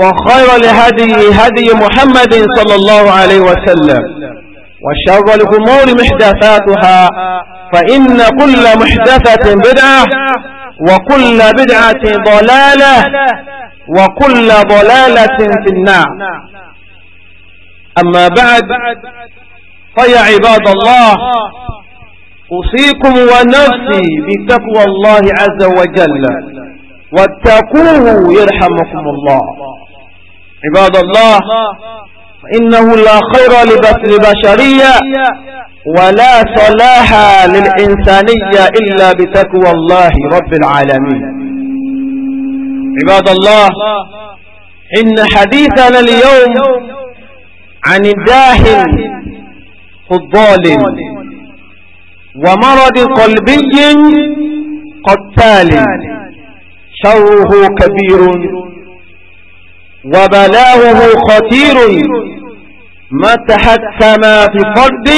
وخير لهدي هدي محمد صلى الله عليه وسلم وشر الأمور محدثاتها فإن كل محدثة بدعة وكل بدعة ضلالة وكل ضلالة في النار أما بعد فيا عباد الله أوصيكم ونفسي بتقوى الله عز وجل واتقوه يرحمكم الله عباد الله فإنه لا خير لبشرية ولا صلاح للإنسانية إلا بتقوى الله رب العالمين عباد الله إن حديثنا اليوم عن الجاهل الظالم ومرض قلبي قتال شره كبير وبلاؤه خطير ما تحكم في فرد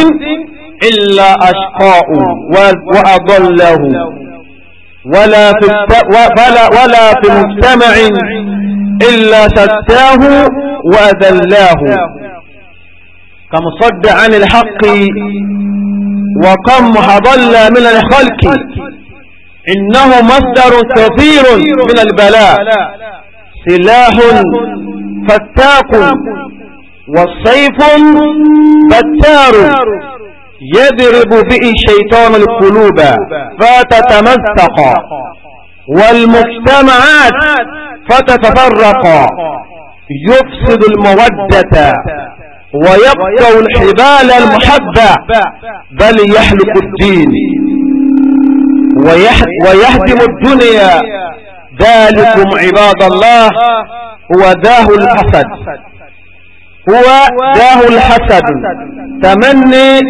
إلا أشقاء وأضله ولا في ولا ولا في مجتمع إلا شتاه وأذلاه كمصد عن الحق وكم حضل من الخلق إنه مصدر كثير من البلاء سلاح فتاق والصيف بتار يضرب به الشيطان القلوب فتتمزق والمجتمعات فتتفرق يفسد المودة ويقطع الحبال المحبة بل يحلق الدين ويهدم الدنيا ذلكم عباد الله هو داه الحسد هو داه الحسد تمني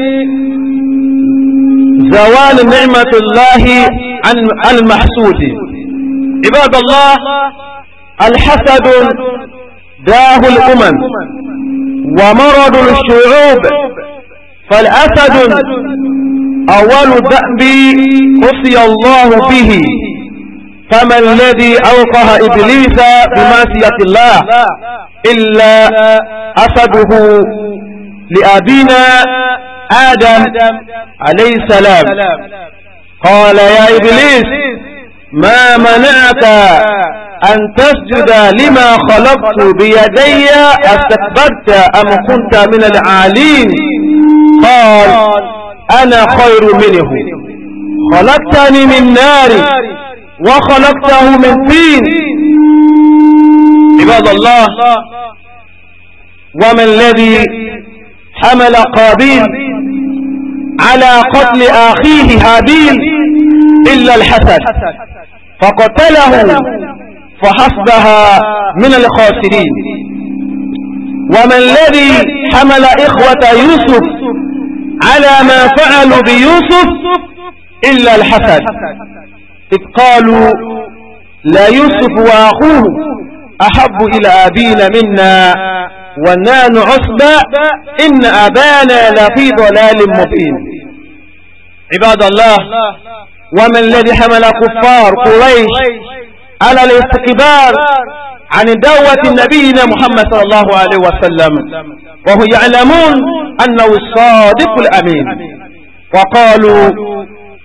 زوال نعمة الله عن المحسود عباد الله الحسد داه الأمم ومرض الشعوب فالأسد أول ذنب قصي الله به فما الذي أوقه إبليس بمعصية الله إلا أسده لأبينا آدم عليه السلام قال يا إبليس ما منعك أن تسجد لما خلقت بيدي أستكبرت أم كنت من العالين قال أنا خير منه خلقتني من نار وخلقته من طين عباد الله وما الذي حمل قابيل على قتل أخيه هابيل إلا الحسد فقتله فحسبها من الخاسرين وما الذي حمل إخوة يوسف على ما فعلوا بيوسف إلا الحسد إذ قالوا لا يوسف وأخوه أحب إلى أبينا منا ونان عصبة إن أبانا لفي ضلال مبين عباد الله ومن الذي حمل كفار قريش على الاستكبار عن دعوة نبينا محمد صلى الله عليه وسلم وهم يعلمون أنه الصادق الأمين وقالوا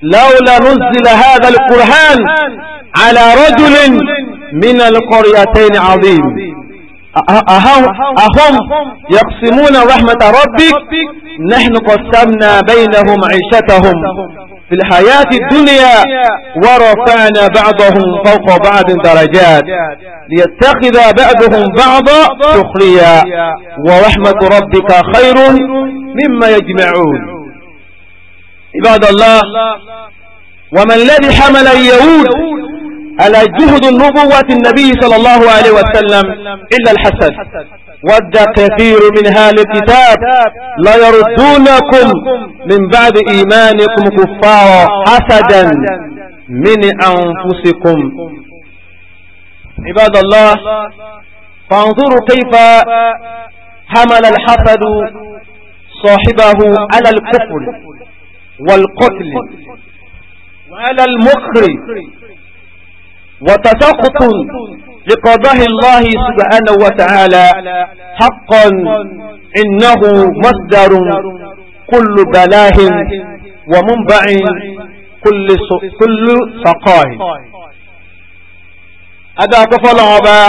لولا نزل هذا القرآن على رجل من القريتين عظيم أه- أه- أهم يقسمون رحمة ربك نحن قسمنا بينهم عيشتهم في الحياة الدنيا ورفعنا بعضهم فوق بعض درجات ليتخذ بعضهم بعضا سخريا ورحمة ربك خير مما يجمعون عباد الله وما الذي حمل اليهود على جهد نبوة النبي صلى الله عليه وسلم إلا الحسد ود كثير من أهل الكتاب لا يردونكم من بعد إيمانكم كفارا حسدا من أنفسكم عباد الله فانظروا كيف حمل الحسد صاحبه على الكفر والقتل وعلى المخر وتساقط لقضاء الله سبحانه وتعالى حقا إنه مصدر كل بلاه ومنبع كل كل سقاه هذا كفل عبا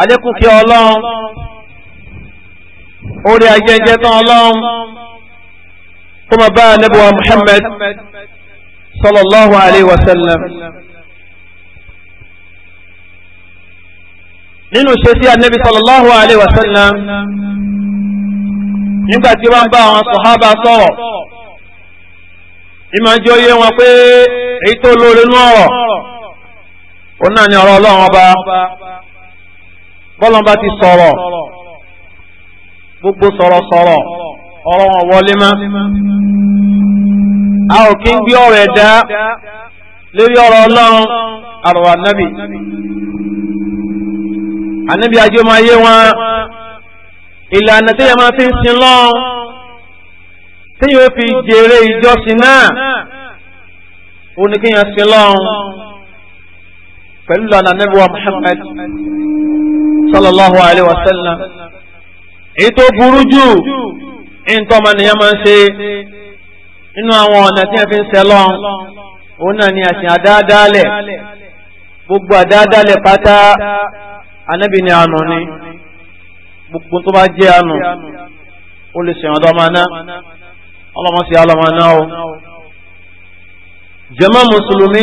عليكم يا الله أولي أجيجة الله kuma bá nabuwa muhammad sallallahu alaihi wasallam nínú ṣe sí annabi sallallahu alaihi wasallam nígbàtí wọ́n bá àwọn sọ̀hábà sọ̀rọ̀ ìmọ̀ jẹ́ oyé wọn pé èyí tó lórí inú ọ̀rọ̀ ó náà ni ọ̀rọ̀ ọlọ́run ọba bọ́lọ́n bá ti sọ̀rọ̀ gbogbo sọ̀rọ̀ sọ̀rọ̀ ọ̀rọ̀ wọn wọlé mọ́ a ò kí ń gbé ọ̀rọ̀ ẹ̀dá lórí ọ̀rọ̀ ọlọ́run àrọ̀wà nábì ànábì ajé máa yé wọn ìlànà tí yẹn máa fi ń sin lọ́run tí yóò fi jèrè ìjọsìn náà ó ní kí yẹn sin lọ́run pẹ̀lú lọ́nà ànábì wa Muhammad sallallahu alayhi wa sallam èyí tó burú jù ntọ́mọ nìyẹn máa ń ṣe nínú àwọn ọ̀nà tí wọ́n fi ń sẹ́lọ́n òun náà ni àṣìn àdáadáalẹ̀ gbogbo àdáadáalẹ̀ pátá anábì ni àánú ni gbogbo tó bá jẹ́ àánú ó lè sèwọ̀n lọ́mọ́ná ọlọ́mọsí alọ́mọ́ná o jàmá mùsùlùmí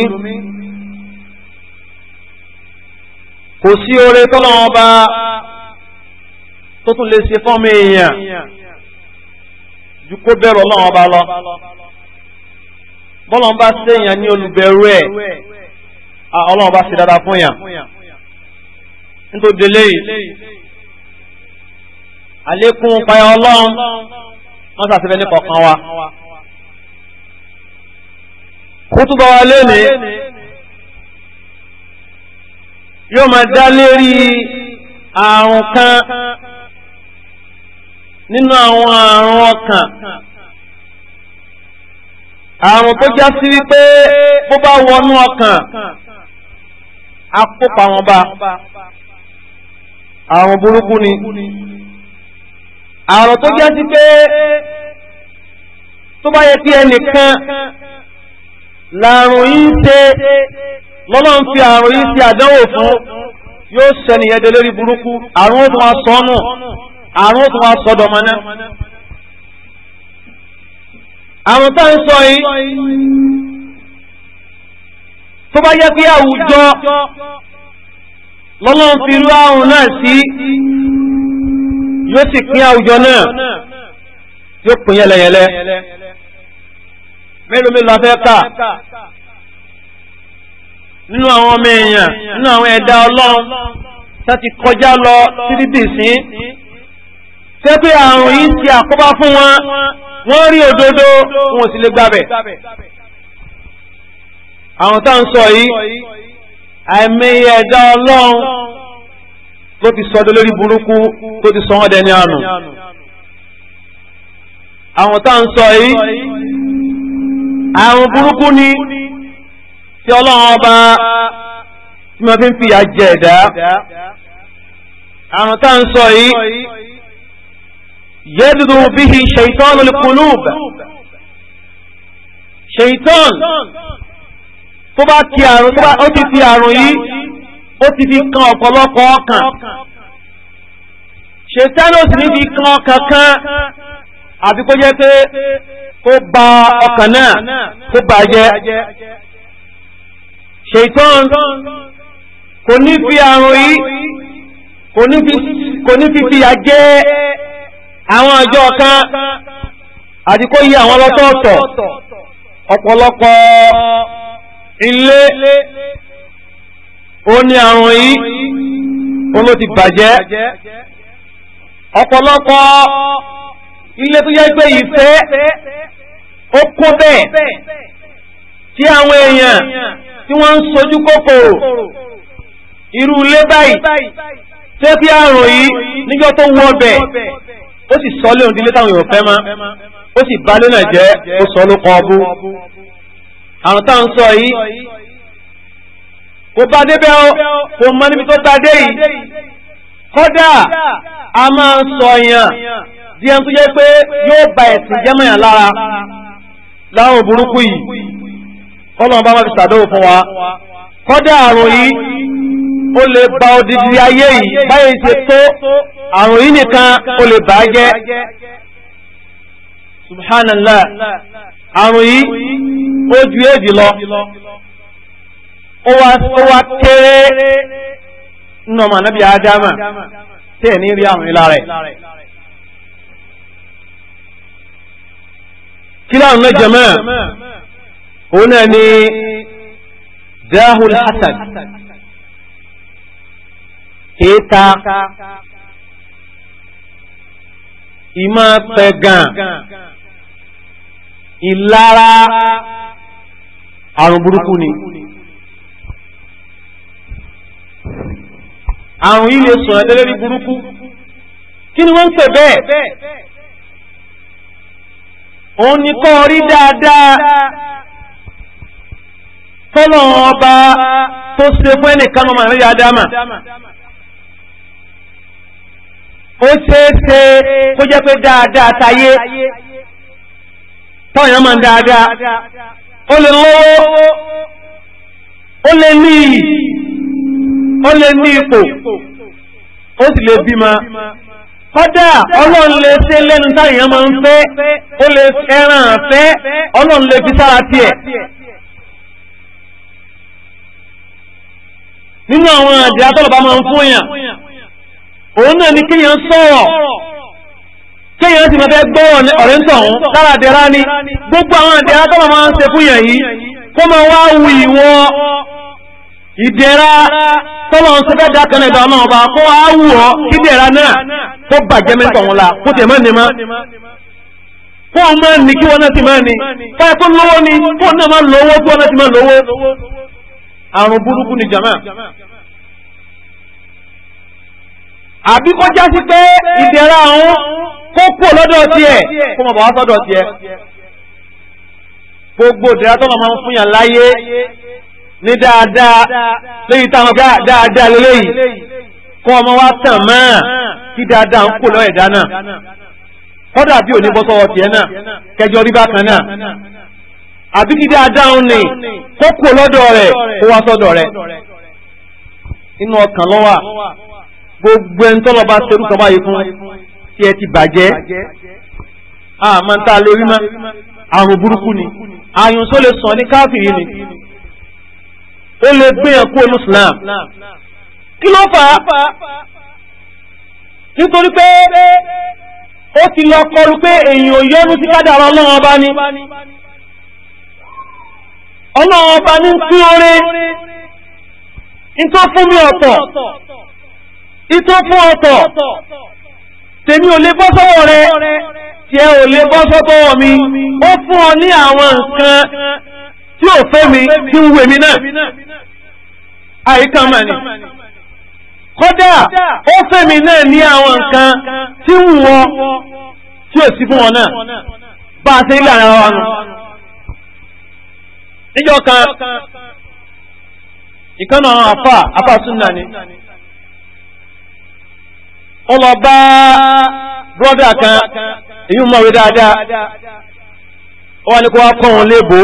kò sí oore tọ́lọ́wọ́n bá tó tún lè ṣe fọ́ọ̀mù èèyàn ju kó bẹ̀rù ọlọ́run ọba lọ bọ́lọ́n bá séèyàn ní olùbẹ̀rù ẹ̀ ọlọ́run bá ṣe dáadáa fún yàn nítorí délé yìí àlékún payọ ọlọ́run wọ́n ṣàtìfẹ́ ní kọ̀ọ̀kan wa kútùbọ̀ wa lénìí yóò máa dá lérí àrùn kan nínú àwọn àrùn ọkàn àrùn tó já sí wípé bó bá wọnú ọkàn akópa wọn bá àrùn burúkú ni àrùn tó já sí pé tó bá yẹ kí ẹnìkan làrùn yìí ṣe lọ́lọ́ ń fi àrùn yìí ṣe àdánwò fún yóò ṣẹniyàn dé lórí burúkú àrùn ó fún wa àrùn tó wá sọ́dọ̀ ọmọ náà àrùn tá ń sọ yìí tó bá yẹ pé àwùjọ lọ́lọ́run fi rú àrùn náà sí yóò sì pín àwùjọ náà yóò pín yẹlẹyẹlẹ mélòó mélòó afẹ́ kà nínú àwọn ọmọ èèyàn nínú àwọn ẹ̀dá ọlọ́run tá ti kọjá lọ títí dì sí tẹ́ pé àrùn yìí ti àkóbá fún wọn wọ́n rí òdodo wọn ò sì lè gbàbẹ̀ àwọn tá ń sọ yìí àìmọye ẹ̀dá ọlọ́run ló ti sọdọ lórí burúkú tó ti sọ wọ́n dẹni àrùn àwọn tá ń sọ yìí àrùn burúkú ni tí ọlọ́run ọba tí wọ́n fi ń fìyà jẹ ẹ̀dá àrùn tá ń sọ yìí. يبدو به شيطان القلوب شيطان tó bá ti àrùn tó bá ó ti fi àrùn yìí ó ti fi kan ọ̀pọ̀lọpọ̀ ọkàn ṣètẹ́lì ó sì ní fi kan ọkàn kan àfi kó jẹ́ pé kó ba ọkàn náà kó bàjẹ́ ṣètọ́n kò ní fi àrùn yìí kò ní fi fìyà jẹ àwọn ọjọ́ kan àti kó yí àwọn lọ́tọ̀ọ̀tọ̀ ọ̀pọ̀lọpọ̀ ilé ó ní àrùn yìí ó ló ti bàjẹ́ ọ̀pọ̀lọpọ̀ ilé tó yẹ pé ìfẹ́ ó kó bẹ́ẹ̀ tí àwọn èèyàn tí wọ́n ń sojú kòkòrò irú ilé báyìí tẹ́ àrùn yìí níjọ́ tó wọ bẹ́ẹ̀ ó sì sọ léhùn dílé táwọn èèyàn fẹ́ mọ́ ó sì bá lé náà jẹ́ ó sọ ló kọ́ ọbú àrùn táwọn sọ yìí kò bá débẹ́ ó kò mọ níbi tó ta dé yìí kódà a máa ń sọ yàn bí ẹni tó jẹ́ pé yóò ba ẹ̀sìn jẹ́mọ̀yàn lára láwọn burúkú yìí kọ́lọ́n wọn fi ṣàdéhùn fún wa kódà àrùn yìí ó lè ba odidi ayé yìí báyìí ṣe tó àrùn yìí nìkan ó lè bàá jẹ́ subhanallah àrùn yìí ó ju èjì lọ ó wá kéré nínú ọmọ anábìá ádámà tí ẹ̀ ní rí àrùn yìí lára ẹ̀. kílá ọ̀nà jẹ̀mọ́ òun náà ni dáhùn hasan. kéèta ima pẹ̀gàn ìlara àrùn burúkú ni àrùn yìí lè sọ̀rọ̀ lẹ́lẹ́rí burúkú kí ni wọ́n ń pè bẹ́ẹ̀ òun ni kọ́ orí dáadáa tọ́lọ̀ ọba tó ṣe fún ẹnìkan ọmọ ó ṣeéṣe kó jẹ́ pé dáadáa tayé táwọn máa ń dáadáa ó lè lówó ó lè ní ipò ó sì lè bímọ kọ́dà ọlọ́run lè ṣe lẹ́nu táwọn máa ń fẹ́ ó lè fẹ́ ọlọ́run lè fi sára nínú àwọn máa òun náà ni kéèyàn sọ̀rọ̀ kéèyàn sì máa fẹ́ gbọ́ ọ̀rẹ́ ń tọ̀hún lára àdẹ́rá ni gbogbo àwọn àdẹ́rá tó máa ń ṣe fún yẹn yìí kó máa wá wù ìwọ ìdẹ̀ra tó máa ń ṣe fẹ́ dá kan ẹ̀dọ̀ náà ọba kó wá wù ọ́ kí dẹ̀ra náà kó bàjẹ́ mẹ́tọ̀ ọ̀hún la kó tẹ̀ mọ́ ni mọ́ kó o máa ní kí wọn náà ti máa ní káyọ̀ kó lówó ni kó náà máa lówó kí wọn náà ti máa lówó àrùn burúkú ni jàmáà. àbí kó sí pé ìdẹ̀ra òun kó kú lọ́dọ̀ tiẹ̀ kó mọ̀ bọ̀ wá sọ́dọ̀ gbogbo ìdẹ̀ra tó máa ń fún yàn láyé ní dáadáa táwọn dáadáa lélẹ́yìn kó ọmọ wa tàn kí dáadáa ń kú ẹ̀dá náà kọ́dà bí òní bọ́ sọ́wọ́ tiẹ̀ náà kẹjọ rí bákan náà àbí kí ni kó kú lọ́dọ̀ rẹ̀ kó wá sọ́dọ̀ rẹ̀ inú gbogbo ẹni tọ́lọ́ bá ṣerú kan báyìí fún tí ẹ ti bàjẹ́ àmọ́ tá a lè rí mọ́ àrùn burúkú ni àyùn tó lè sàn ní káfíìrì ni ó lè gbéyàn kú olú Islam kí ló fà á nítorí pé ó ti lọ kọlu pé èyàn yọnu sí kádàrá ọlọ́run ọba ni ọlọ́run ọba ní ń pín oore nǹkan fún mi ọ̀tọ̀. ìtọ́ fún ọ̀tọ̀ tèmi ò lè bọ́ rẹ tí ẹ ò lè bọ́ sọ́wọ́ mi ó fún ọ ní àwọn nǹkan tí ò fẹ́ mi tí ń wèmi náà àyíká mẹ́ni kódà ó fẹ́ mi náà ní àwọn nǹkan tí ń wọ tí ò sí fún wọn náà bá a ṣe ń lára wa nù níjọ́ kan ìkànnà àwọn àfà àfà súnà ni. ó lọ bá brọ́dà kan èyí mọ̀wé dáadáa ó wá ní kó wá kọ́ òun léèbó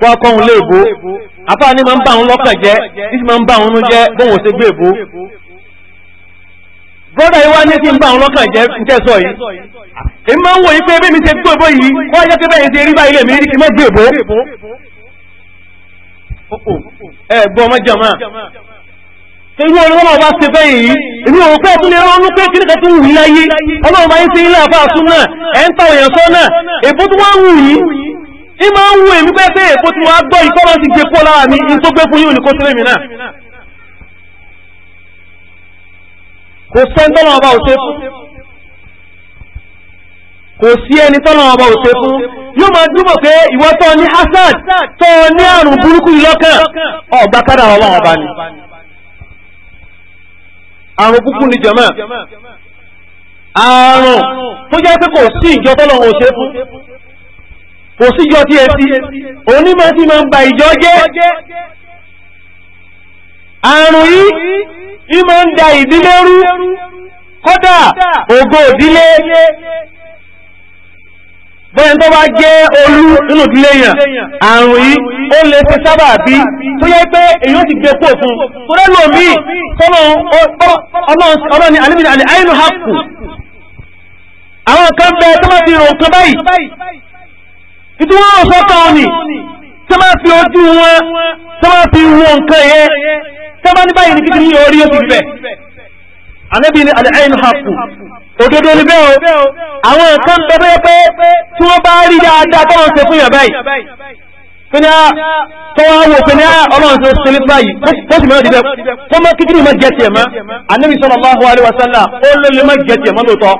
kó wá kọ́ òun léèbó àfáà ní máa ń bá òun lọ́kàn jẹ́ títí máa ń bá òun jẹ́ bóun ò ṣe gbé èbó brọ́dà yìí wá ní kí n bá òun lọ́kàn jẹ́ ń tẹ̀sọ̀ yìí èmi máa ń wòye pé bẹ́ẹ̀ mi ṣe gbé èbó yìí kó wá jẹ́ pé bẹ́ẹ̀ ṣe rí báyìí lèmi rí kí n má gbé èbó ẹ gbọ́ ọmọ jọ̀mọ́ irú olówó ọba ṣe bẹ́ yìí ìlú òun pẹ́ tún lè rán ọdún pé kíríkẹ́ tún wù láyé ọlọ́run bá yín sí ilé àfà àtún náà ẹ̀ ń tàwọn èèyàn sọ náà èbó tó wọ́n wù yìí ní máa ń wù èmi pé pé èbó tí wọ́n á gbọ́ ìkọ́ láti gbé kó lára mi ní tó gbé fún yín òní kó sílé mi náà. kò sẹ́ni tọ́lọ́ ọba ò ṣe fún kò sí ẹni tọ́lọ́ ọba ò ṣe fún yóò máa dúpọ̀ pé ìwọ tó ní hasad tó ní àrùn àrùn kúkú ni jama àrùn tó jẹ́ pé kò sí ìjọ tọ́lọ̀ ò ṣe fún kò sí ìjọ tí etí onímọ̀ tí máa ń ba ìjọ jẹ́ àrùn yìí ní ń da ìdílé rú kódà ògo ìdílé bẹ́ẹ̀ tó bá jẹ́ olú nínú ìdílé yàn àrùn yìí ó lè fi sábà bí tó yẹ pé èyí ó sì gbé kó fún tó rẹ́ lò mí ọlọ́run ni alẹ́bìn alẹ́ àìnú hapù àwọn kan bẹ tó máa fi rò kan báyìí ìtú wọn ò sọ́tọ̀ ọ̀nì tó máa fi ojú wọn tó máa fi wo nǹkan yẹn tó bá ní báyìí ní kíkiri ní orí ó sì bẹ̀ alẹ́bìn alẹ́ àìnú hapù òdodo ni bẹ́ẹ̀ o àwọn nǹkan ń bẹ́ẹ̀ pé tí wọ́n bá rí dáadáa tó wọ́n ṣe fún yàn báyìí fúnà tọ́wọ́ wò pé ní ọlọ́run tó ṣe ní báyìí ó sì mẹ́rin dídẹ́ kó mọ́ kí kíni má jẹ tiẹ̀ mọ́ Ànábì sallallahu alaihi wasallam ó lé lè má jẹ tiẹ̀ mọ́ lóòótọ́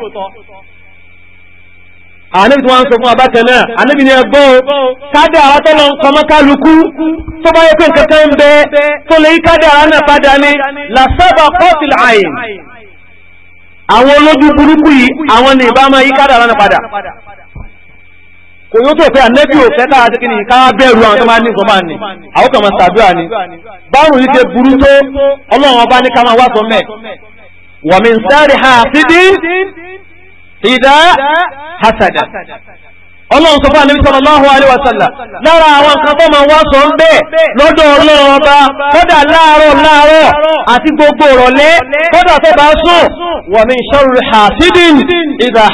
Ànábì tí wọ́n ń sọ fún abákan náà Ànábì ni ẹgbọ́n kádà ara tọ́lọ kọmọ kálukú tó bá yẹ pé nǹkan kan ń bẹ àwọn olójú burúkú yìí àwọn ní ìbámu yìí kádàrá náà padà kò yóò tó fẹ́ ànẹ́bí ò fẹ́ káà tẹ́kì ní ká bẹ̀rù àwọn tó máa ní ìsọ́mà ní àwọn kan ní báwo yìí ṣe burú tó ọlọ́run ọba ha ìdá hasada ọlọ́run sọ fún àníbí sallallahu alaihi wasallam lára àwọn nǹkan wá sọ ń bẹ́ẹ̀ lọ́dọ̀ ọlọ́run ọba láàárọ̀ láàárọ̀ àti gbogbo ìrọ̀lẹ́ kódà tó bá sùn wa min sharri hasidin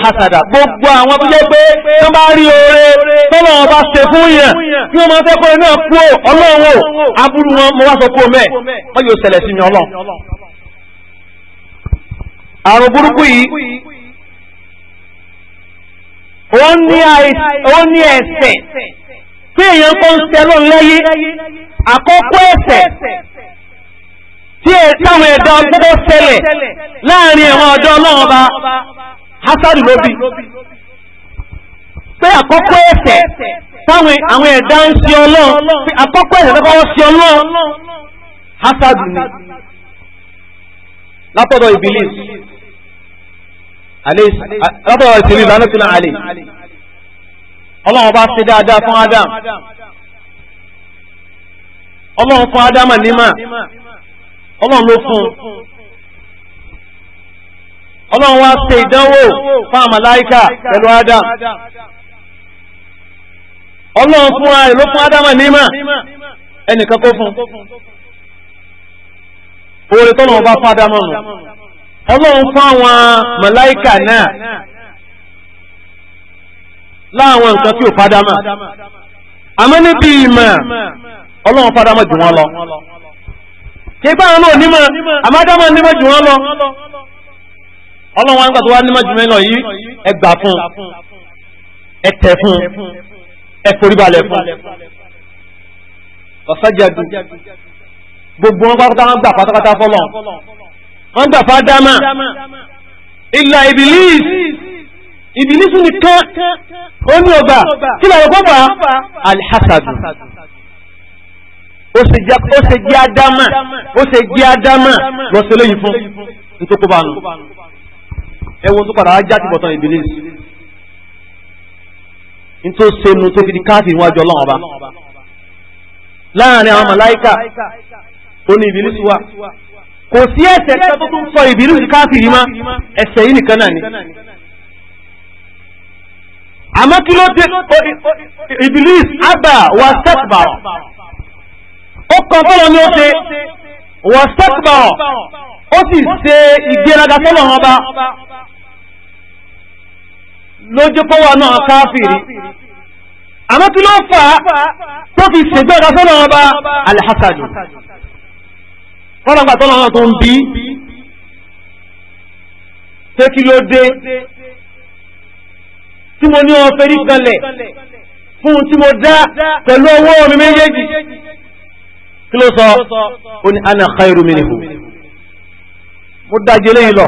hasada gbogbo àwọn tó jẹ́ oore ọba ṣe fún yẹn kí wọ́n máa fẹ́ iná kú ọlọ́run aburú wọn mo wá sọ kú wọ́n yóò ṣẹlẹ̀ sí mi ọlọ́run àrùn burúkú ó ni ẹ̀ṣẹ̀ pé èèyàn kó ń sẹ́lọ̀ lẹ́yé àkọ́kọ́ ẹ̀ṣẹ̀ tí táwọn ẹ̀dá gbogbo ṣẹlẹ̀ láàrin ẹ̀wọ̀n ọ̀dọ́ ọlọ́run bá hasadu ló bí pé àkọ́kọ́ ẹ̀ṣẹ̀ táwọn e- àwọn ẹ̀dá ń ṣe ọlọ́run pé àkọ́kọ́ ẹ̀ṣẹ̀ tọ́kọ́ ṣe ọlọ́run hasadu ni látọ̀dọ̀ látọ̀rọ̀ ìsinmi ìbánúkìlá àlè ọlọ́run bá ṣe dáadáa fún Adam ọlọ́run fún Adam nímà ọlọ́run ló fún ọlọ́run wá ṣe ìdánwò fún àmàláìkà pẹ̀lú Adam ọlọ́run fún rẹ̀ ló fún Adam nímà ẹnìkan kó fún oore tọ́lọ́run bá fún Adam nù. ọlọ́run fún àwọn màláìkà náà láwọn nǹkan tí ò fádámà àmọ́ níbi ìmọ̀ ọlọ́run fádámà jù wọ́n lọ kéèpá àwọn náà nímọ̀ àmádámà nímọ̀ jù wọ́n lọ ọlọ́run wọn gbà tó wá nímọ̀ jù mẹ́rin lọ yìí ẹ gbà fún ẹ fún ẹ fún ọ̀sẹ̀ gbogbo wọn pátápátá gbà pátápátá fọlọ́n wọ́n gbà fádámà ìlà ìbìlíìs ìbìlíìs nìkan ó ní ọgbà kí lọ́rọ̀ pọ́pà alhassadu ó ṣe jẹ́ ádámà ó ṣe jẹ́ ádámà lọ́sẹ̀ lóyìn fún nítorí nù ẹwọ́n tó padà ajá ti bọ̀tán ìbìlíìs nítorí sẹ́nu tó fi di káàfì níwájú ọlọ́run ọba láàrin àwọn màláìkà ó ní ìbìlíìs wà kò sí ẹ̀ṣẹ̀ kan tó tún sọ ìbínú sí káfìrí mọ́ ẹ̀ṣẹ̀ yìí nìkan náà ni àmọ́ kí ló dé ibilis abba wa stakbar ó kàn fọlọ́ ní ó ṣe wa stakbar ó sì ṣe ìgbéraga fọlọ́ wọn bá lójú pọ́wọ́ náà káfìrí àmọ́ kí ló fà á tó fi ṣègbéraga fọlọ́ wọn bá alhasadu fọ́nàgbà tó lọ́nà tó ń bí pé kí ló dé tí mo ní ọ fẹ́rí kanlẹ̀ fún tí mo dá pẹ̀lú ọwọ́ mi méjèèjì kí ló sọ ó ní ana khairu minhu mo dájú eléyìí lọ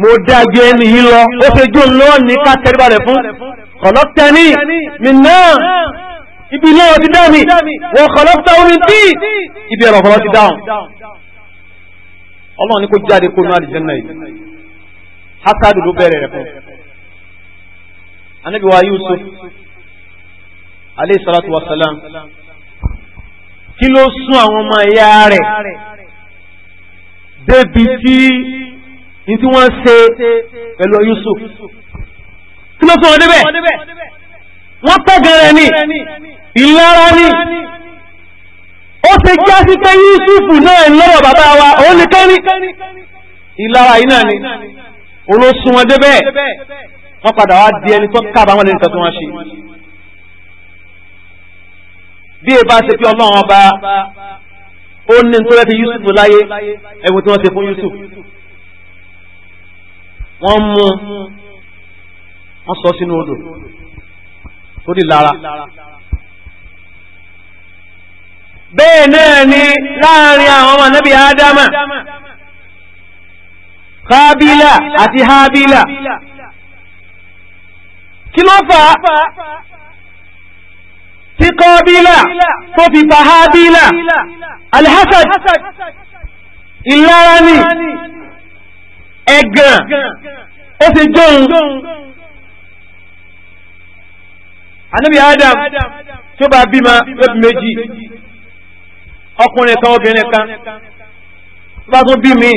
mo dájú ẹni yìí lọ ó ṣe jù lọ́ọ̀ ní ká tẹ́rí balẹ̀ fún ọ̀lọ́tẹ́ni mi náà ibi iná wọn ti dá mi wọ́n kọ̀ lọ́pítà omi tí ibi ẹ̀rọ ọ̀pọ̀lọ́ ti dáhùn ọlọ́run ní kó jáde kó nú àdìjẹ́nà yìí hasadu ló bẹ̀rẹ̀ rẹ̀ fún anabi wa Yusuf alayhi salatu wa salam kí ló sún àwọn ọmọ ẹ̀yà rẹ̀ débi tí ní tí wọ́n ṣe pẹ̀lú Yusuf kí ló sún wọn débẹ̀ wọ́n pẹ̀gẹ̀rẹ̀ ni ìlara ni ó ti já sí pé Yusufu náà lọ́wọ́ bàbá wa òun ni kẹ́rí ìlara yìí náà ni olóṣùn wọn débẹ̀ wọ́n padà wá di ẹni tó kábàámọ̀ lẹ́nu kan tó wọ́n ṣe bí e bá ṣe pé ọlọ́run ọba ó ní tó rẹ́ fi Yusuf láyé ẹ̀wọ̀n tí wọ́n ṣe fún Yusuf wọ́n mú wọ́n sọ sínú odò. sórí lára bẹ́ẹ̀ náà ni láàrin àwọn ọmọ nábì ádámà kábílà àti hábílà kí ló fà á tí kábílà tó fi fa hábílà alhasad ìlara ni ẹ̀gàn ó ti jóun anabi adam tó bá bímọ lóbi méjì ọkùnrin kan obìnrin kan tó bá tún bí mi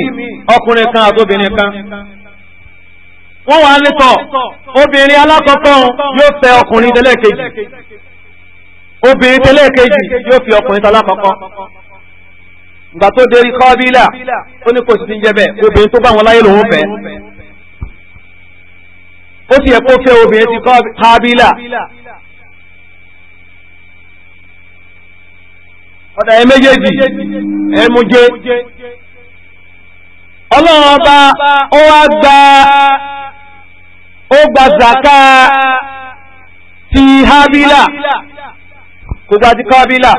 ọkùnrin kan àti obìnrin kan wọ́n wà nítọ̀ obìnrin alákọ̀ọ́kọ́ yóò fẹ́ ọkùnrin tẹ́lẹ̀kejì obìnrin tẹ́lẹ̀kejì yóò fi ọkùnrin tẹ́lẹ̀kọ́kọ́ ìgbà tó dérí kọ́bílà ó ní kò sí ti ń jẹ́ bẹ́ẹ̀ obìnrin tó bá wọn láyé lòun fẹ́ ó sì yẹ kó fẹ́ obìnrin ti kọ́bílà ọ̀dà ẹ méjèèjì ẹ mú jẹ ọlọ́run ọba ó wá gba ó gba zaka ti habila kò gba ti kabila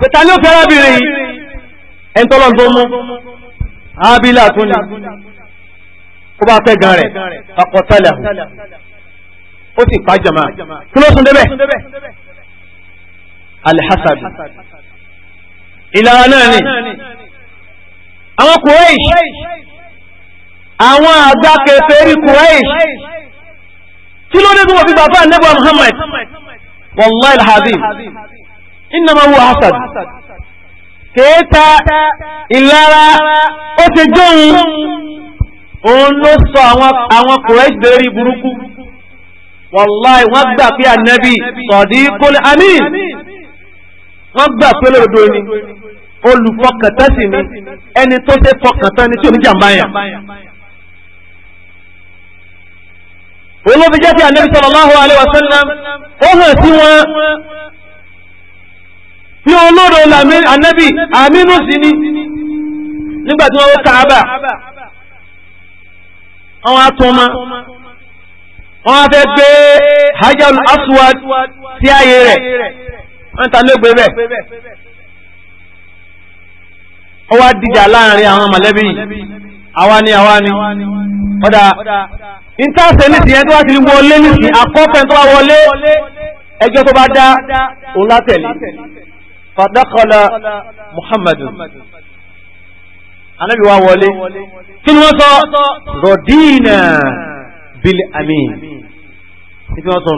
pẹ̀tà ní òfin arábìnrin ẹ̀ ń tọ́lọ́ tó mú habila tó ní ó bá fẹ́ gan rẹ̀ fakọ̀tẹ́lẹ̀ ó sì pa kí ló sún débẹ̀ alhassabi ìlara náà ni àwọn Quraysh àwọn àgbà kèfèrí Quraysh kí ló dé tó wọ́n fi bàbá nẹ́bà Muhammad wallahi alhazim innama huwa hasad kéèta ìlara ó ti jóun òun ló sọ àwọn Quraysh lérí burúkú wallahi wọ́n gbà pé ànẹ́bì sọ̀dí kólé amin wọ́n gbà pé lóòdó ni olùfọkàntán sì ni ẹni tó ṣe fọkàntán ni tí oníjàmbá yàn. olóbi jẹ́ ti ànábi sallallahu alaihi wasallam ó hàn sí wọn ní olóró ànábi àmínú sí ni nígbà tí wọ́n wó Káàbà àwọn atọ́mọ wọ́n á fẹ́ gbé hajarul aswad sí ààyè rẹ̀ wọ́n ta lóògbé bẹ́ẹ̀ ó wá dìjà láàrin àwọn mọ̀lẹ́bí yìí àwa ni àwa ni ọ̀dà ìtàsẹ̀ ní tìyẹn tó wá ti wọlé nìsín àkọ́fẹ́ tó wá wọlé ẹjọ́ tó bá dá òun látẹ̀lé fàdákọ́lá muhammadu anábì wá wọlé kí ni wọ́n sọ rọ̀dínà bíl amin kí ni wọ́n sọ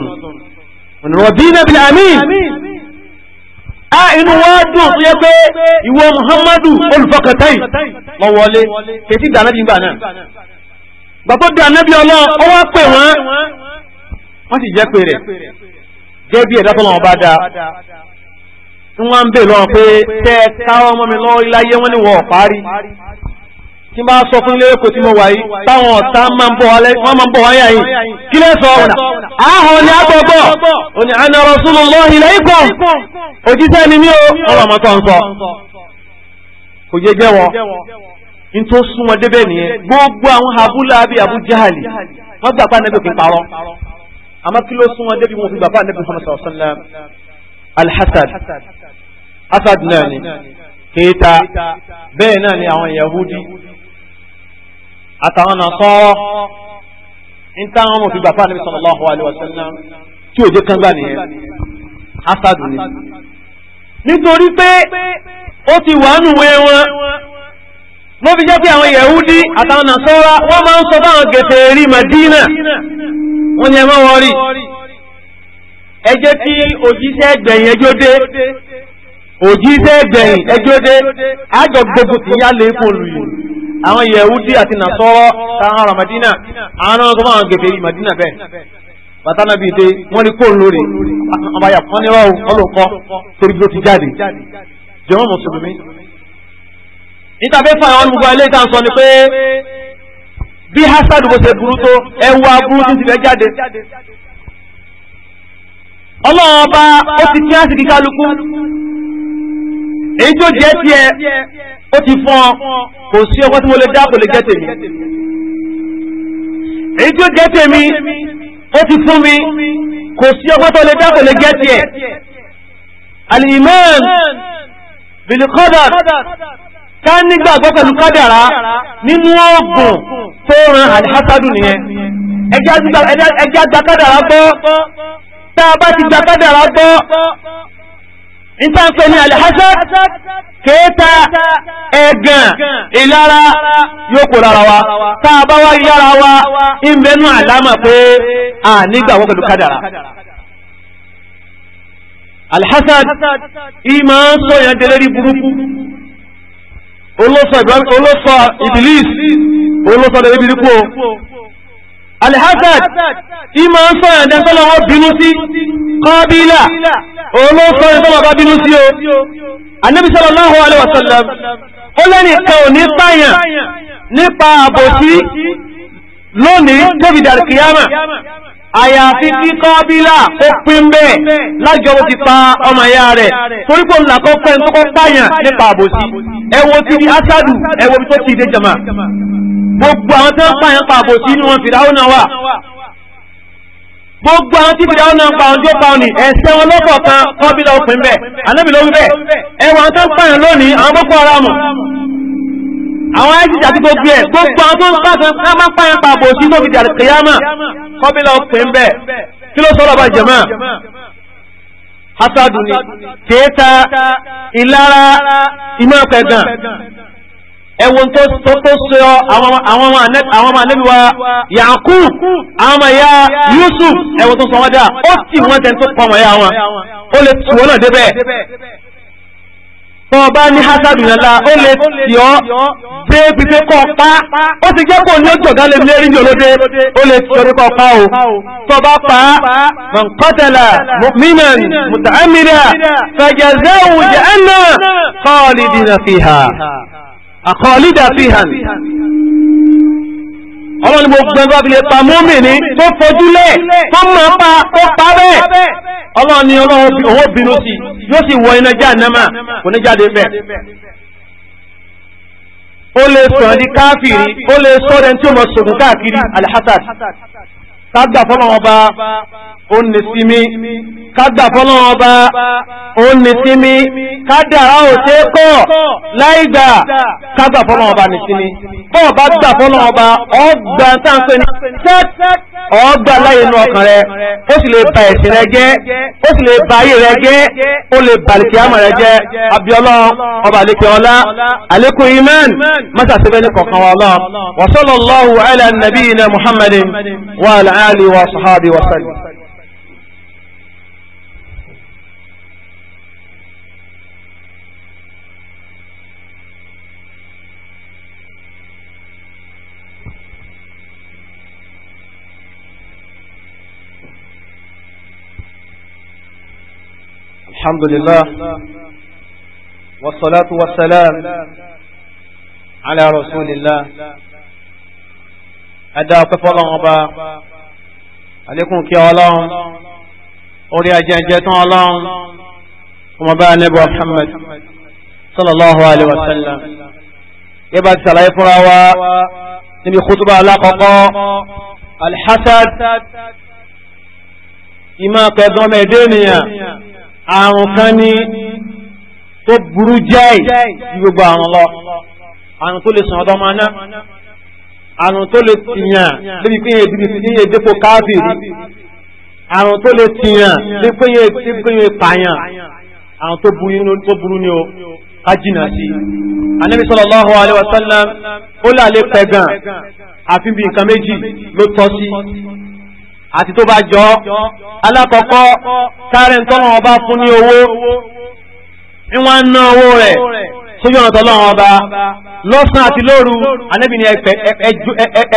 rọ̀dínà bíl amin a inú wá dùn tó yẹ pé muhammadu olùfọkàntẹ́yì lọ wọlé kètí ìdá náà di anábì wá pè wọn wọ́n sì jẹ́ pé rẹ̀ jẹ́ bí ẹ̀dá tó lọ́wọ́ bá dáa ń mi iláyé tí bá sọ fún ilé ẹ̀kọ́ tí mo wà yìí táwọn ọ̀tá máa ń bọ̀ wáyà yìí kí lè sọ ọ̀nà ààhùn ní agbọ̀gbọ̀ òní àná Rasulullahi ilaykum òjíṣẹ́ ni mí o ọ̀rọ̀ ọmọ tó ń sọ kò jẹ́ jẹ́wọ́ ní tó súnmọ́ débẹ̀ nìyẹn gbogbo àwọn abúlé àbí Abu Jahali wọ́n gbà pa nẹ́bí òfin parọ́ àmọ́ kí ló súnmọ́ débi wọn fi gbà pa nẹ́bí Muhammad sallallahu alhassad asad náà ni kéta bẹ́ẹ̀ náà ni àwọn Yahudi àtàwọn nàṣọ́rọ́ ń táwọn ọmọ òfin gbàfà níbi sallallahu alaihi wasallam tí òjò kan gbà nìyẹn asadu ni. nítorí pé ó ti wà nùwé wọn ló fi jẹ́ pé àwọn yahudi àtàwọn nàṣọ́rọ́ wọ́n máa ń sọ fáwọn gẹ̀tẹ̀ẹ̀rí Madina wọ́n ní ẹ má wọ́n rí ẹ tí òjíṣẹ́ gbẹ̀yìn ẹjọ́ dé òjíṣẹ́ gbẹ̀yìn ẹjọ́ dé àjọ gbogbo tìyá lè fún olùyìn. àwọn yahudi àti nasọ́rọ́ táwọn madina àwọn náà tó máa gèfè madina bẹ́ẹ̀ bàtà nàbí bẹ. wọ́n ní kóòlù lórí àwọn àyà kan níwá ọlọ́kọ́ torí bí ti jáde jẹ́wọ́n mùsùlùmí. níta fẹ́ fún àwọn olùgbò sọ ni pé bí hasad bó ṣe burú tó ẹ tó ti fẹ́ jáde. ọba ó ti kí kálukú èyí tó ó ti fún ọ kò sí ọkọ tí mo lè dá kò lè jẹ́ tèmi èyí tí ó jẹ́ tèmi ó ti fún mi kò sí ọkọ tó lè dá kò lè jẹ́ tiẹ̀ al-iman bil qadar ká nígbàgbọ́ pẹ̀lú kádàrá nínú oògùn tó ran alhassadu nìyẹn ẹjá gba kádàrá gbọ́ tá a bá ti gba kádàrá gbọ́ nípa ń pè ní alhassad kéta ẹ̀gàn ìlara yóò kó lára wa tá a bá wá yára wa ìmẹ́nu àlámà pé a nígbàgbọ́ pẹ̀lú kádàrà alhassad ìmọ̀ sọ yẹn délẹ́rí burúkú alhasad ìmọ̀ ń sọ̀rọ̀ ẹ̀dẹ́ tọ́lọ wọ́n bínú sí kọ́bílà òun ló sọ̀rọ̀ tọ́lọ bá bínú sí o Ànábì sallallahu alaihi wasallam ó lẹ́nì kan ò ní pààyàn nípa àbòsí lónìí tóbi dàrkìyàmà àyàfi tí kọ́bílà ó pín bẹ́ẹ̀ lájọwọ́ ti pa ọmọ ìyá rẹ̀ torípò ńlá kọ́ pẹ́ tó kọ́ pààyàn nípa àbòsí ẹwọ ti di asádù ẹwọ tó ti dé jama gbogbo àwọn tó ń pààyàn pa àbòsí ni wọn fìdáwọ́ náà wà gbogbo àwọn tí fìdáwọ́ náà pa ọjọ́ pa òní ẹ̀sẹ̀ wọn lọ́pọ̀ kan kọ́bílà ó pín bẹ́ẹ̀ anábìlówí bẹ́ẹ̀ ẹwọ àwọn tó ń pààyàn lónìí àwọn boko haram àwọn àìsíjà tí gbogbo ẹ̀ gbogbo àwọn tó ń bá kan ká máa ń pààyàn pàbò sí tó fi jà kìyàmà kọ́bílà ọ̀pẹ̀ ń bẹ̀ kí ló sọ́rọ̀ bá jẹ̀mọ́ hasadu ni kéèta ìlara ìmọ̀ ọ̀pẹ̀ gan ẹwọ́n tó tó sọ àwọn ọmọ anẹ́bíwá Yakub àwọn ọmọ ìyá Yusuf ẹwọ́n tó sọ wọ́n dá ó sì wọ́n tẹ́ tó pọ̀ mọ̀ ya wọn ó lè tù wọ́n náà débẹ̀ tó bá ní hasadu lọ́la ó lè tí ọ́ dé pípé kọ́ pa ó ti jẹ́ kó ní ọjọ́ gálẹ̀ ní eré ìjọlódé ó lè tí ọdún kọ́ pa o tó bá pa man qatala mu'minan muta'ammidan fajaza'uhu jahannam khalidina fiha akhalida fiha ọlọ́ni gbogbo ẹgbẹ́ abilẹ̀ pa mọ́mìnì tó fojúlẹ̀ tó máa pa tó pa bẹ́ẹ̀ ọlọ́ni owó bínú sí yóò sì wọ iná jahannama kò ní jáde bẹ́ẹ̀ ó lè sọ̀rọ̀ di káfìrí ó lè sọ̀rọ̀ ẹni tí ó mọ̀ sògùn káàkiri alhassan tágbà fọ́nà ọba ó ní sí mi kágbà fọ́lọ́wọ́ bá ó ní sí mi kádàrá ò ṣe kọ́ láìgbà kágbà fọ́lọ́wọ́ bá ní sí mi bọ́ọ̀ bá gbà fọ́lọ́wọ́ bá ọgbà táǹpẹ́ ní sẹ́t ọgbà láyé inú ọkàn rẹ ó sì lè ba ẹ̀sìn rẹ jẹ́ ó sì lè ba ayé rẹ jẹ́ ó lè bàlìkì àmọ̀ rẹ jẹ́ abiola ọba àlekè ọlá àlékún imán mọ́sàsíbẹ́ ní kọ̀ọ̀kan wa lọ wa sallallahu ala nabiyina muhammadin wa ala wa sahabi wa sallam الحمد لله والصلاة والسلام على رسول الله أدى طفل أبا عليكم كي الله أولي أجنجة الله وما بقى نبو محمد صلى الله عليه وسلم يبقى السلام فروا نبي خطبة على قطاع الحسد إما kẹgbọ́n الدنيا àrùn kan ní tó burú jáì ju gbogbo àrùn lọ àrùn tó lè sàn ọ̀dọ́ máa ná àrùn tó lè tìyàn débi pé yẹn débi pé yẹn dépò káfíìrì àrùn tó lè tìyàn débi pé yẹn débi pé yẹn pààyàn àrùn tó burú ni o ká jìnnà sí i anabi sallallahu alayhi wa sallam ó lálé pẹ̀gàn àfi bí nǹkan méjì ló tọ́ sí àti tó bá jọ alákọ̀ọ́kọ́ kárẹ̀ tọ́lọ́wọ́ bá fún ní owó ní wọ́n ń ná owó rẹ̀ sójú ọ̀nà tọ́lọ́wọ́ ọba lọ́sàn àti lóru Ànábì ní ẹjọ̀wú ẹ̀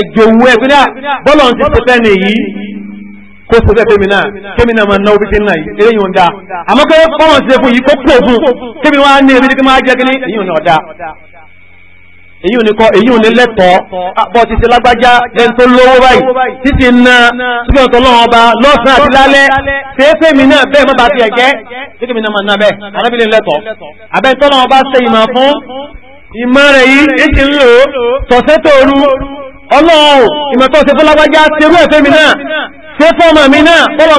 ẹjọ̀wú ẹ̀ pínlẹ̀ bọ́lọ̀ ti ṣe fẹ́ nìyí kó ṣe fẹ́ fẹ́mi náà kémi náà máa ná orí tẹ́lẹ̀ yìí eré yìí ń da àmọ́ pé bọ́lọ̀ ti ṣe fún yìí kó pò fún kémi wá ní ebi tí kí máa jẹ́ kí ní èyí ò náà da èyí ò ní kọ́ èyí ò ní lẹ́tọ̀ọ́ ah, bọ́ ti ti lágbájá ẹni tó lówó báyìí títí na ṣùgbọ́n tó lọ́wọ́ ọba lọ́sàn àti lálẹ́ fèéfé mi náà bẹ́ẹ̀ má ba ti ẹ̀gẹ́ síkè mi náà máa ná bẹ́ẹ̀ alábìlẹ̀ lẹ́tọ̀ọ́ abẹ́ tó lọ́wọ́ ọba ṣe ìmọ̀ fún ìmọ̀ rẹ̀ yìí èsì ń lò tọ̀sẹ́ tòru ọlọ́run ìmọ̀ tó ṣe fún lágbájá ṣerú ẹ̀fẹ́ mi náà ṣe fọ́ọ̀mù mi náà bọ́lọ̀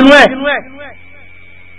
ìmọ̀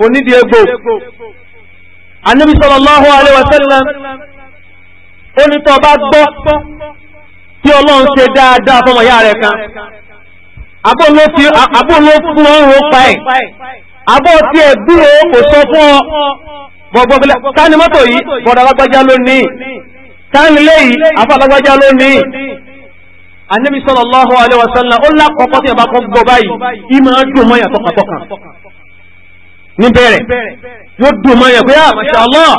kò nídìí egbò anabi sallallahu alaihi wasallam ó ní tó bá gbọ́ tí ọlọ́run ṣe dáadáa fọmọ ìyá rẹ̀ kan àbó ló fún ọrùn pa ẹ̀ àbó tí ẹ̀ dúró kò sọ fún ọ bọ̀bọ̀bílẹ̀ káni mọ́tò yìí bọ̀dọ̀ alágbájá lónìí káni léyìí àfọ alágbájá lónìí anabi sallallahu alaihi wasallam ó lákọ̀ọ́kọ́ tí ẹ̀ bá kọ́ gbọ́ báyìí ìmọ̀ ń dùn mọ́ yàtọ̀ kàtọ̀kàn níbẹ̀rẹ̀ yóò dùn mọ́ yẹ̀ pé à ah, masha Allah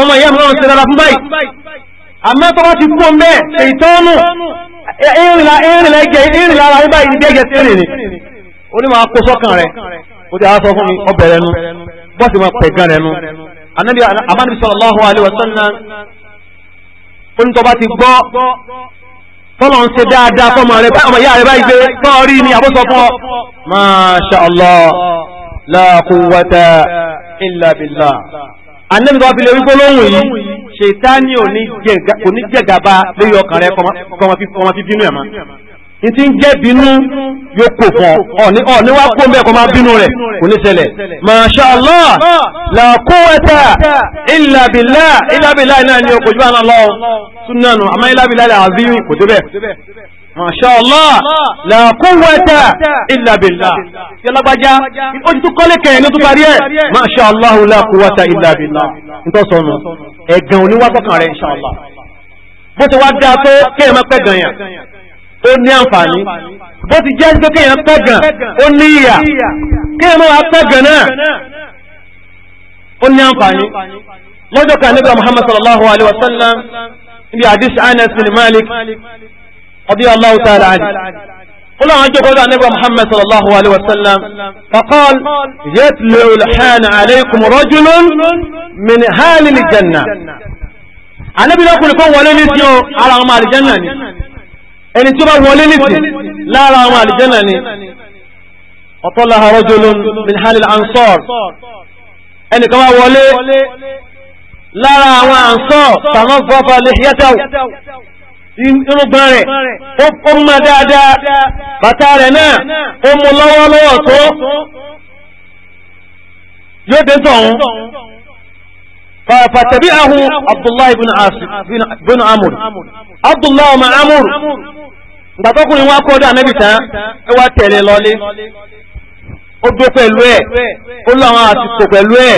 ọmọ ìyá mi náà ṣe dára fún báyìí àmọ́ tó bá ti kú ọmọ ẹ̀ ṣètọ́nù ìrìnlá ẹgẹ ìrìnlá ara wọn báyìí ní ẹgẹ tẹ́lẹ̀ ni ó ní máa kó sọ́kàn rẹ̀ ó ti àwọn sọ fún mi ọbẹ̀ rẹ̀ nu bọ́ọ̀sì máa la quwwata illa billah anẹ́bí tó wá fi lè rí gbólóhùn yìí ṣètánì kò ní jẹ̀gàba lórí ọkàn rẹ kọ́mọ fi bínú ẹ̀ mọ́ ní ti ń jẹ́ bínú yóò kò fún ọ ní wá kó mẹ́kọ̀ọ́ máa bínú rẹ̀ kò ní ṣẹlẹ̀ masha Allah la quwwata náà ni o jù Masha Allah, la quwwata illa billah. Tí ọlọ́gbàjá, ó ti tún kọ́lé kẹ̀yìn ló tún parí ẹ̀. Masha Allah, la quwwata illa billah. Nítọ́ sọnù, ẹ̀gàn oníwàtọ́kàn rẹ̀ insha Allah. Bó ti wá dá tó kéèyàn máa pẹ́ gan yàn, ó ní àǹfààní. Bó ti jẹ́ tó kéèyàn pẹ́ gan, ó ní ìyà. Kéèyàn máa pẹ́ gan náà, ó ní àǹfààní. Lọ́jọ́ kan nígbà Muhammad sallallahu alaihi wa sallam, ibi àdìsí Anas bin Malik, radiyallahu ta'ala anhu قل عن جبل النبي محمد صلى الله عليه وسلم فقال يتلع الحان عليكم رجل من هال الجنة النبي لا يقول لكم ولا نسيو على أعمال الجنة ẹni tí ó bá wọlé nìsín lára àwọn àlìjẹ́nà ni ọ̀tọ́láha rajulun min halil ansar ẹnìkan wá wọlé lára àwọn ansar tàmọ́ fọ́fà lè yẹ́tẹ̀wò irúgbọ́n rẹ̀ ó mọ́ dáadáa bàtà rẹ̀ náà ó mú lọ́wọ́lọ́wọ́ tó yóò dé tọ̀hún fàtàbí ahun abdullahi bin amur abdullahi ọmọ amur gbàtọ́kùnrin wá kọ́ dà níbi tán ẹ wá tẹ̀lé lọlé ó dó pẹ̀lú ẹ̀ ó lọ àwọn àsìkò pẹ̀lú ẹ̀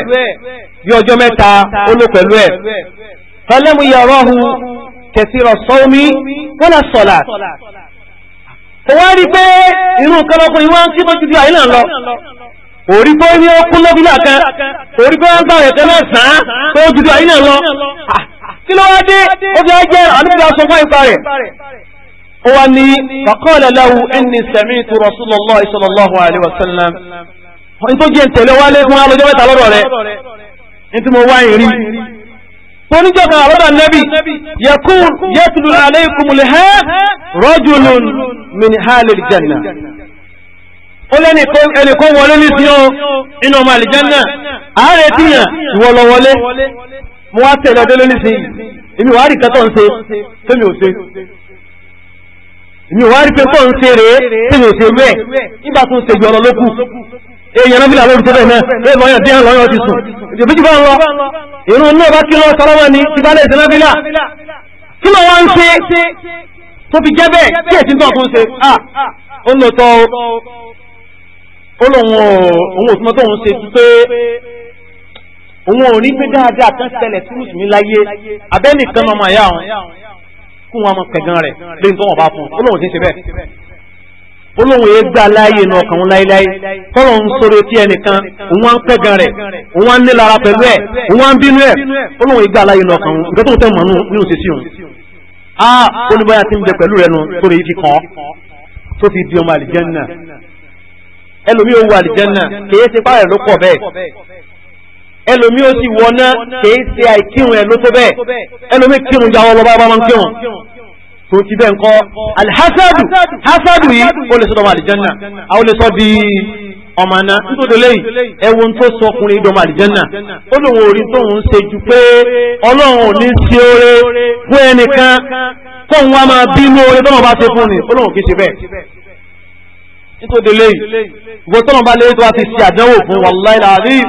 bí ọjọ́ mẹ́ta ó lò pẹ̀lú ẹ̀ fẹlẹ́mu ọ̀hún kẹsìrọ̀ sọ́ọ́mí wọ́lá sọ̀lá kò wá rí pé irú nǹkan ọkùnrin wọ́n ń kí bójú di àìlà lọ orí pé ní ó kún lọ́bílà kan orí pé wọ́n gbà rẹ̀ tẹ́lẹ̀ sàn án pé ó dúdú àìlà lọ kí ló wá dé ó fi jẹ́ àdúgbò aṣọ fún ipa rẹ̀ ó wá ní faqala lahu inni sami'tu Rasulullah sallallahu alaihi wasallam ní tó oníjọba àwọ́dà nẹ́bì yẹkún yẹtùlù aláìkùnmùlẹ̀ hẹ́ rọ́jùlùn min halil janna ó lẹ́ni ẹnìkan wọlé ní sí ọ́ inú ọmọ àlìjánà ààrẹ tíyàn ìwọ̀lọ̀ wọlé mo wá tẹ̀lé ọdẹ lónìí sí èmi wàá rí kẹtọ̀ ń ṣe tẹ́mi ò ṣe èmi wàá rí pé kọ́ ń ṣe rèé tẹ́mi ò ṣe rú nígbà tó ń ṣe jọ̀rọ̀ lókù èèyàn náà bí làwọn olùtọ́bẹ̀ náà bẹ́ẹ̀ lọ́yàn díẹ̀ lọ́yàn ti sùn ìjòbíjì bá ń lọ ìrún náà bá kí lọ sọ́lọ́wọ́ ni ti bá lè ṣe náà bílà kí lọ wọ́n ń ṣe tó fi jẹ́ bẹ́ẹ̀ kí èsì tó ọkùn ṣe à ó lọ tọ́ ó lòun òun òsùnmọ́ tó ń ṣe ti pé òun ò ní pé dáadáa kan ṣẹlẹ̀ tí mùsùlùmí láyé abẹ́nìkan ọmọ àyà wọn kí wọn mọ kẹ̀gán rẹ̀ lé olóhùn yẹn gbà láàyè nù ọkàn òun láéláé kọ́lọ̀ ń sọ̀rọ̀ etí ẹnìkan òun wá ń pẹ́gàn rẹ̀ òun wá ń nílara pẹ̀lú ẹ̀ òun wá ń bínú ẹ̀ olóhùn yẹn gbà láàyè nù ọkàn òun nǹkan tó ń tẹ̀ mọ́ nínú sèṣì òun. a olùbọ̀yà ti ń bẹ pẹ̀lú rẹ̀ nu sórí yìí ti kàn ọ́ tó ti di ọmọ àlìjẹ́nà ẹlòmí ò wọ àlìjẹ́nà kìí ṣe pààrẹ̀ ló pọ̀ bẹ́ẹ̀ ẹlòmí ó sì wọ náà kìí ṣe àìkírun ẹ̀ ló tó bẹ́ẹ̀ ẹlòmí kírun tó ti bẹ́ẹ̀ ń kọ́ alhassadu hassadu yìí ó lè sọ́dọ̀ ọmọ àlìjánà a ó lè sọ di ọmọ àná nítorí lẹ́yìn ẹwọ́n tó sọ ọkùnrin ìdọ̀mọ àlìjánà ó lòun ò rí tóun ń ṣe ju pé ọlọ́run ò ní ṣe oore fún ẹnìkan kóun wá máa bínú oore tọ́nà bá ṣe fún ni ó kì í ṣe bẹ́ẹ̀ nítorí lẹ́yìn gbogbo tọ́nà bá lè tó wá ti ṣe àdánwò fún wàláìlà àríyìn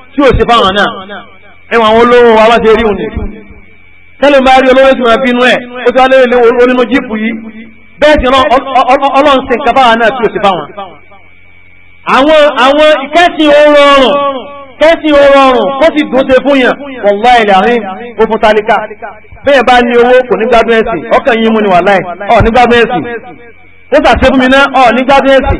tí ò ṣe fáwọn náà ẹwọn àwọn olówó wa wá ṣe rí òní tẹ́lẹ̀ bá rí olówó tí wọ́n bínú ẹ̀ ó ti wá lé onínú jíìpù yìí bẹ́ẹ̀ sì ọlọ́run ṣe nǹkan fáwọn náà tí ò ṣe fáwọn. àwọn àwọn ìkẹ́sìn oorun kẹ́sìn oorun kó sì dùn ṣe fún yàn wọ̀láì láàrin ó fún tálíkà bẹ́ẹ̀ bá ní owó kò ní gbádùn ẹ̀sìn ọkàn yín mú ni wàláì ọ̀ ní gbádùn ẹ̀sìn ó sàṣẹ́ fún mi náà ọ̀ ní gbádùn ẹ̀sìn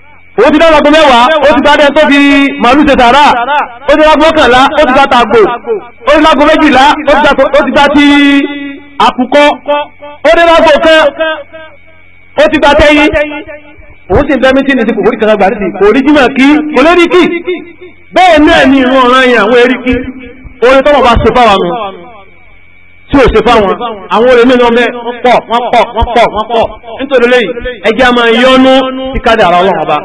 ó ti dára gbogbo mẹ́wàá ó ti dára tó fi màálù ṣe tààrà ó ti dára gbọ́kànlá ó ti dára tàgbò ó ti dára méjìlá ó ti dára ti àkùkọ ó ti dára gbogbo ó ti gba tẹ́yìn òun sì ń bẹ́mí tí ní ti kò orí kankan gbà ní ti kí kò ni ọ̀ràn yẹn àwọn bá ṣe nù tí ò ṣe fáwọn àwọn olè mìíràn ọmọ pọ̀ wọ́n pọ̀ wọ́n pọ̀ wọ́n pọ̀ nítorí lẹ́yìn ẹjẹ́ a máa yọnu tí kádà ara ọlọ́run ọba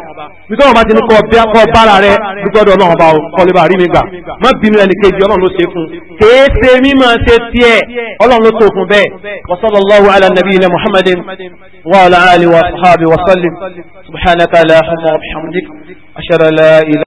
bí tọ́wọ́n bá ti ní kọ́ bára rẹ dúpọ́dọ̀ ọlọ́run ọba kọlẹ̀ bá rí mi gbà má bínú ẹnì kejì ọlọ́run ló ṣe fún kèé ṣe mímọ̀ ṣe tiẹ̀ ọlọ́run ló tó fún bẹ́ẹ̀ wasallallahu ala nabiyina muhammadin wa ala alihi wa sahabi wa sallim subhanaka la humma wa bihamdik ashara la ilaha